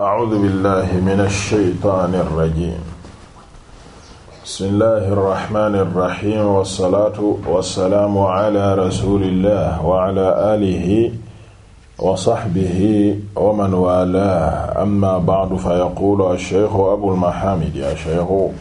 A'uuzu billaahi mina shaytaani rajiim. Bismillaahi rahmaani rahiim wa salaatu wa salaamu ala rasuulillaah wa ala aalihi wa sahbihi wa man waalaahu amma ba'du fa yaquulu ash-shaykhu abul mahaamid ash-shaykhu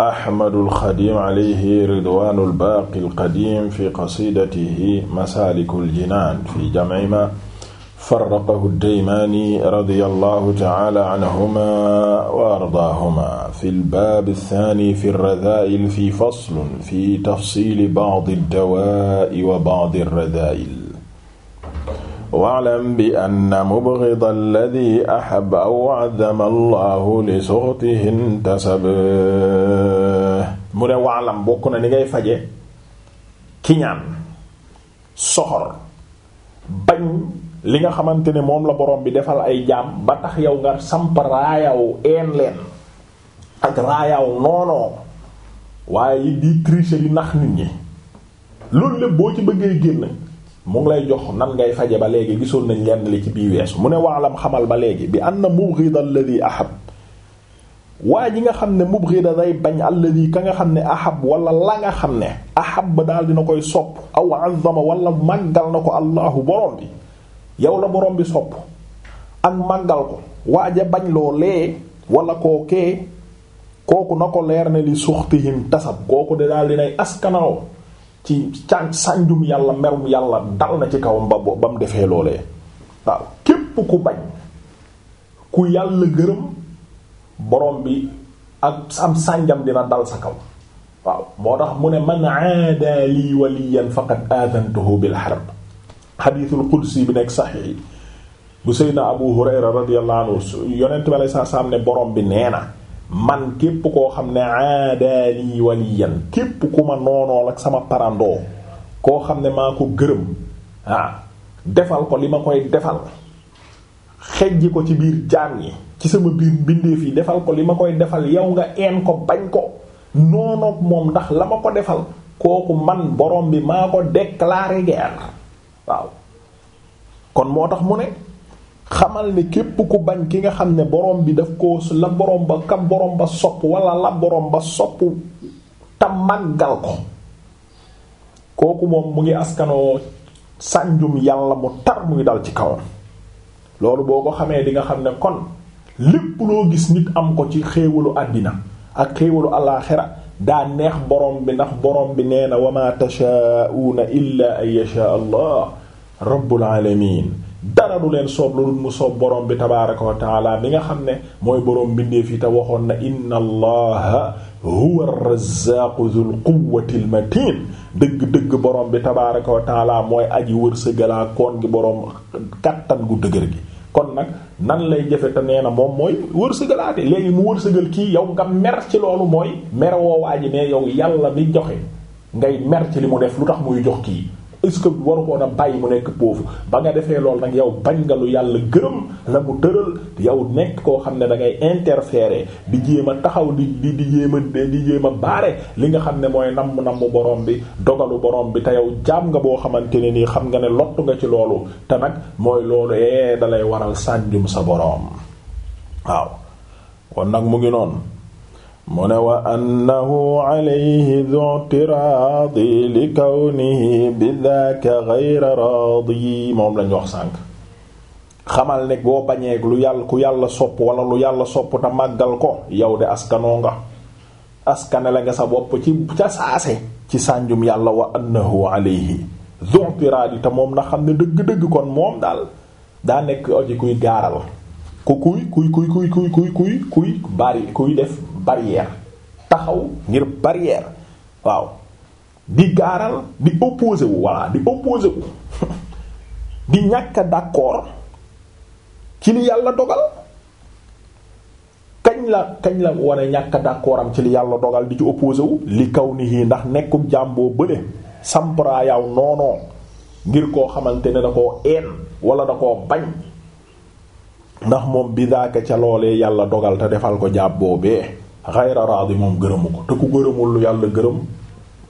Ahmadul Xadiim alayhi ridwaanul baaqil qadiim fi qasiidatihi masaalikul jinaan fi jam'i maa farraqahu daymaani radiyallahu ta'ala anhumaa wa ardaahumaa fil baabi saani fi radaa'il fi faslun fi tafsiili ba'di dawaa'i wa ba'di radaa'il. wa'lam bi anna mubghida alladhii ahabba aw 'azzama Allahu li sughtihi intasab. mu ne waalam bokk na ni ngay faje kiñaan soxor bañ. li nga xamante ne moom la borom bi defal ay jaam ba tax yow nga samp raayaw een leen ak raayaw noonoo waaye yi di tricher di nax nit ñi loolu lépp boo ci bëggee génn mu ngi lay jox nan ngay faje ba léegi gisoon nañ lenn li ci bii weesu mu ne waalam xamal ba léegi bi anna mubghid alladhi ahab waa ji nga xam ne mubghida day bañ alladhi ka nga xam ne ahab wala la nga xam ne ahab ba daal dina koy sopp aw azama wala màggal na ko allahu borom bi yow la borom bi sopp ak màggal ko waaja bañ loo lee wala koo kee kooku na ko leer ne li suxtihim tasab kooku de daal dinay askanao ci can sànjum yàlla merum yàlla dal na ci kawam ba ba mu defee loolee waaw képp ku bañ ku yàlla gërëm borom bi ak am sànjam dina dal sa kaw waaw moo tax mu ne man aada lii waliyan faqad aadantuhu bil harb xadiisul qudsi bi nekk saxiix yi bu seydna abu hurayra radiyallahu anhu yonent bi alay saa saam ne borom bi nee na man képp koo xam ne aadaani waliyan képp ku ma noonool ak sama parandoo koo xam ne maa ko gërëm ah defal ko li ma koy defal xejji ko ci biir jaam yi ci sama biir mbindeef yi defal ko li ma koy defal yow nga een ko bañ ko noonoog moom ndax la ma ko defal kooku man borom bi maa ko déclarer guerre waaw kon moo tax mu ne xamal ne képp ku bañ ki nga xam ne borom bi daf ko la borom ba kam borom ba sopp wala la borom ba sopp te màggal ko kooku moom mu ngi askanoo sànjum yàlla mu tar ngi dal ci kawam loolu boo ko xamee di nga xam ne kon lépp loo gis nit am ko ci xéewalu àddina ak xéewalu àllaaxira daa neex borom bi ndax borom bi nee na wa ma tashaa'uuna illa an yashaa allah rabbul alamin dara du leen soob lu dul mu soob borom bi tabaaraka wa taala nga xam ne mooy borom bindeef yi te waxoon na inna allaha huwa ar-razzaaqu dhul quwwati dëgg-dëgg borom bi tabaaraka wa taala mooy aji wërsëgalaa koon gi borom kattan gu dëgër gi kon nag nan lay jëfe te nee na moom mooy wërsëgalaate léegi mu wërsëgal kii yow nga mer ci loolu mooy mer waa ji ne yow yàlla bi joxe ngay mer ci li mu def lu tax muy jox kii est-ce que waru koon a bàyyi mu nekk poofu ba nga defee loolu nag yow bañ nga lu yàlla gërëm la mu tëral yow nekk koo xam ne dangay ngay interférer di jéem a taxaw di di di jéem a di jéem a baare li nga xam ne mooy namm namm boroom bi dogalu boroom bi te yow jaam nga boo xamante ne nii xam nga ne lottu nga ci loolu te nag mooy loolu ee eh, dalay waral sànjum sa borom waaw kon nag mu ngi noonu mu ne wa annahu alayhi du'tiraadi li kawnihi bidaaka ghayra raadi moom lañ wax sànk xamal ne boo bañeek lu yàlla ku yàlla sopp wala lu yàlla sopp te màggal ko yow de askanoo nga askane la nga sa bopp ci ca saase ci sànjum yàlla wa annahu alayhi du'tiraadi te moom na xam ne dëgg-dëgg kon moom daal daa nekk aji kuy gaaral ku kuy kuy kuy kuy kuy kuy kuy kuy bari kuy def barrière taxaw ngir barrière waaw di gaaral di opposé wu voilà di opposé di ñàkk a d'accord ci li yàlla dogal kañ la kañ la wane ñàkk a d'accord ci li yàlla dogal di ci opposé li kaw ni yii ndax nekkum jàmboo bële sampara yaw noonoo ngir koo xamante ne da koo een wala da koo bañ ndax moom bi ca loolee yàlla dogal te defal ko jàpp boobee xayra raadi moom gërëmu ko te ku gërëmul lu yàlla gërëm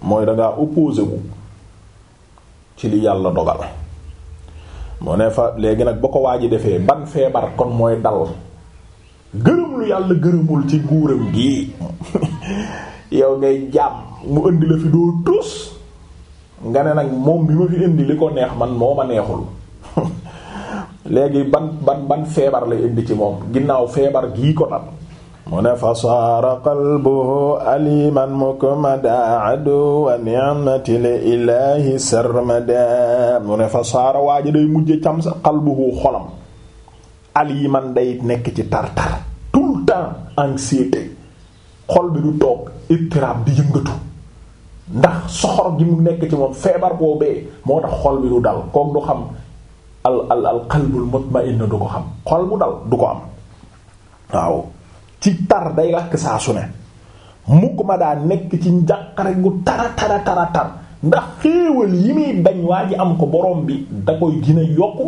mooy dangaa opposé wu ci li yàlla dogal mu ne fa léegi nag boo ko waa ji defee ban feebar kon mooy dal gërëm lu yàlla gërëmul ci guuram gi yow ngay jaam mu indi la fi doo tus nga ne nag moom bi ma fi indi li ko neex man moo ma neexul léegi ban ban ban feebar la indi ci moom ginnaaw feebar gii ko dal mu ne fa saara qalbuhu aliman mukmada aduwa ni'mati li ilahi sarmada mu ne fa saara waaja day xolam aliman day nekk ci tartar tout le temps anxiété xol bi du toog ittirab di yëngatu ndax soxor gi mu nekk ci moom feebar boobee moo tax xol bi du dal kook du xam al al al qalbul mutma'in du ko xam xol bu dal du ko am waaw ci tar day lakk saa su ne mukk ma daa nekk ci njàqare gu tara tara tara tar ndax xéewal yi muy bañ waa ji am ko borom bi da koy gën a yokk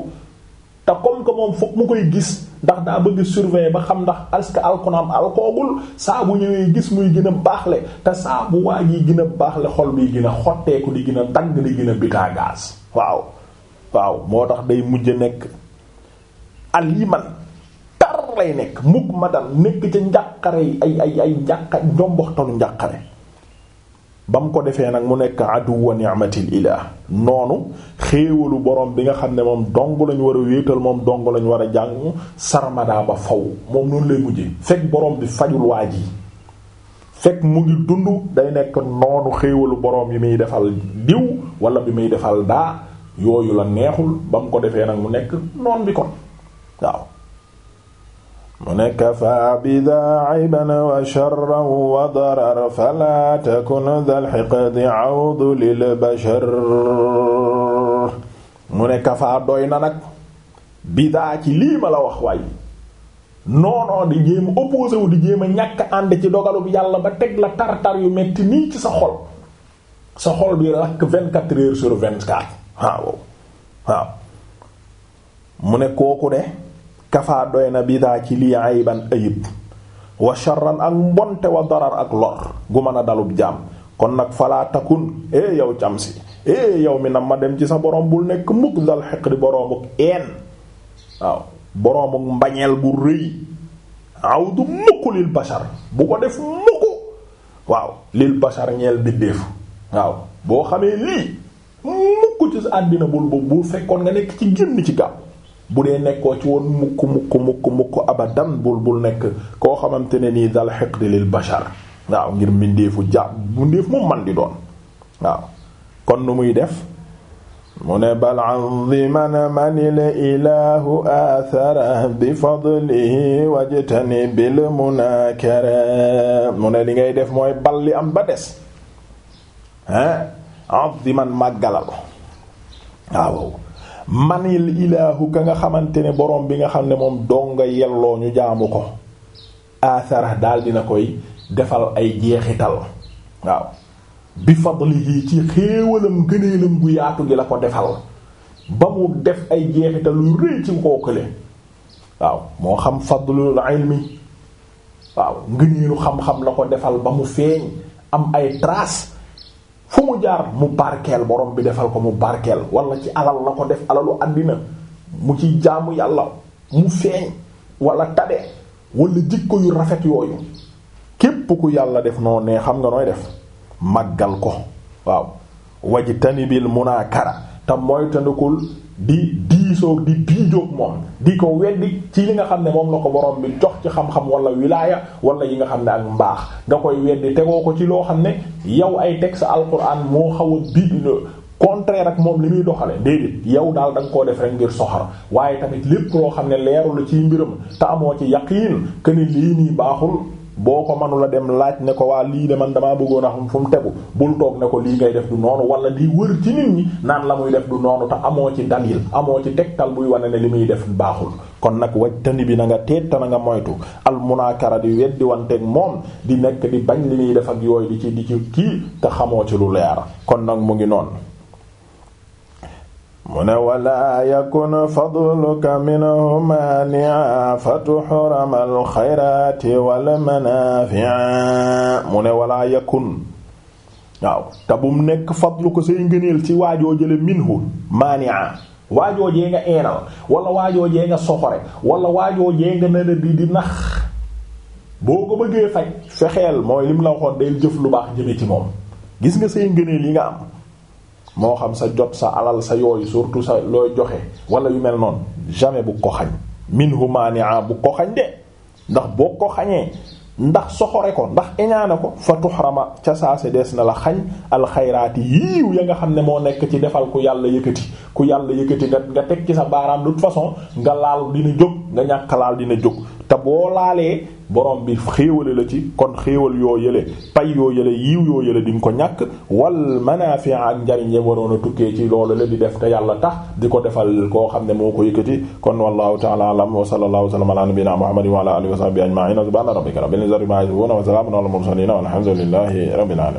te comme que moom fokk mu koy gis ndax daa bëgg surveiller ba xam ndax est-ce que alkonaam alkoogul saa ñëwee gis muy gën a baaxle te saa bu waa gi gën a baaxle xol bi gën a xotteeku di gën a tàng di gën a bitaa waaw waaw moo tax day mujj nekk aliman dong lay nekk mukk ma dal nekk ca njàqare yi ay ay ay njàqa njomboxtalu njàqare ba ko defee nag mu nekk aduwa ni'matil ilah noonu xéewalu borom bi nga xam ne moom dong lañ war a wéetal moom dong lañu war a jàng sarmadaa ba faw moom noonu lay mujjee fekk boroom bi fajul waa yi fekk mu ngi dund day nekk noonu xéewalu boroom bi muy defal diw wala bi muy defal daa yooyu la neexul bam ko defee nag mu nekk noon bi kon waaw mu ne kafaa bi daa ayban wa sharran mu ne kafaa bi daa ci lii ma wax waay di jéem a di jéem a ci dogalub yàlla ba teg la tartar yu metti nii xol bi lakk vingt-quatre heures waaw mu ne kooku de kafaa doy na bidaa ci lii ayban ayib wa sharran ak mbonte wa darar ak lor gu mën a dalub jaam kon nag falaa takun e yow cam si e yow mi nag ma dem ci sa borom bul nekk mukk dal xiqri boromuk een waaw boromuk mbañeel bu rëy aw du mukk lil bashar bu ko def mukk waaw lil bashar ñeel biddeef waaw boo xamee lii mukk ci sa àddina bul bu bu fekkoon nga nekk ci génn ci gàpp bu dee nekkoo ci woon mukk mukk mukk mukk abadan bul bul nekk koo xamante ne nii dal xiqdi lil bashar waaw ngir mbindeefu ja mbindeef moom man di doon waaw kon nu muy def mu ne bal andiman manil ilahu li ngay def mooy li am ba des hein andiman màggalal waaw manil ilaahu ka nga xamante ne borom bi nga xam ne moom donga yelloo ñu jaamu ko asara daal dina koy defal ay jeexital waaw bi fadlihi ci xéewalam gëneelam bu yaatu gi la ko defal ba mu def ay jeexital lu rëy ci kookale waaw moo xam fadlul ilmi waaw ngëneelu xam-xam la ko defal ba mu feeñ am ay trace fu mu jaar mu barkeel borom bi defal ko mu barkeel wala ci alal la ko def alalu àddina mu ci jaamu yàlla mu feeñ wala tabe wala jikko yu rafet yooyu képp ku yàlla def noo ne xam nga nooy def màggal ko waaw waj tanibil munaakara te mooy tandikul di diisoog di diijoog moom di ko weddi ci yi nga xam ne moom la ko borom bi jox ci xam-xam wala wilaaya wala yi nga xam ne ak mbaax nga koy weddi tegoo ko ci loo xam ne yow ay teg sa alquran moo xaw a bi contraire ak moom li muy doxale déedéet yow daal da nga koo def rek ngir soxar waaye tamit lépp loo xam ne leeru la ciy mbiram te amoo ci yaqiin que ni lii nii baaxul boo ko manula dem laaj ne ko waa lii de man damaa bëggoon a xam fu mu tegu bul toog ne ko lii ngay def du noonu wala di wër ci nit ñi naan la muy def du noonu te amoo ci dalil amoo ci tegtal buy wane ne li muy def baaxul kon nag wajtani bi na nga teet te na nga moytu al munaakara di weddi moom di nekk di bañ li muy def ak yooyu di ci di ci kii te xamoo ci lu leer kon nag mu ngi noonu mu ne walaa yakun fadluka minhuma ni'a fatuxrama alxayraati walmanaafi'a mu ne walaa yakun waaw te bum nekk fadluka say ngëneel ci waajoo jële minhu maani'a waajoo jee nga eenal wala waajoo jee nga soxore wala waajoo jee nga nana di di nax boo ko bëggee faj fexeel mooy lim la waxoon day jëf lu baax jëme ci moom gis nga say ngëneel yi nga am moo xam sa jot sa alal sa yooyu surtout sa looy joxe wala yu mel noonu jamais bu ko xañ min humania bu ko xañ de ndax boo ko xañee ndax soxore ko ndax iñaane ko fa tuxrama ca saase des na la xañ alxayraati yiiw ya nga xam ne moo nekk ci defal ku yàlla yëkkati ku yàlla yëkkati nga nga teg ci sa baaraam de façon nga laal dina jóg nga ñàkk laal dina jóg te boo laalee borom bi xéewale la ci kon xéewal yoo yële pay yoo yële yiiw yoo yële di nga ko ñàkk wal manaafi ak njariñ waroon a tukkee ci loolu la di def te yàlla tax di ko defal koo xam ne moo ko yëkkati kon wallahu ta'ala a'lam wa sallallahu wa sallama ala nabiyyina muhammadin wa ala alihi wa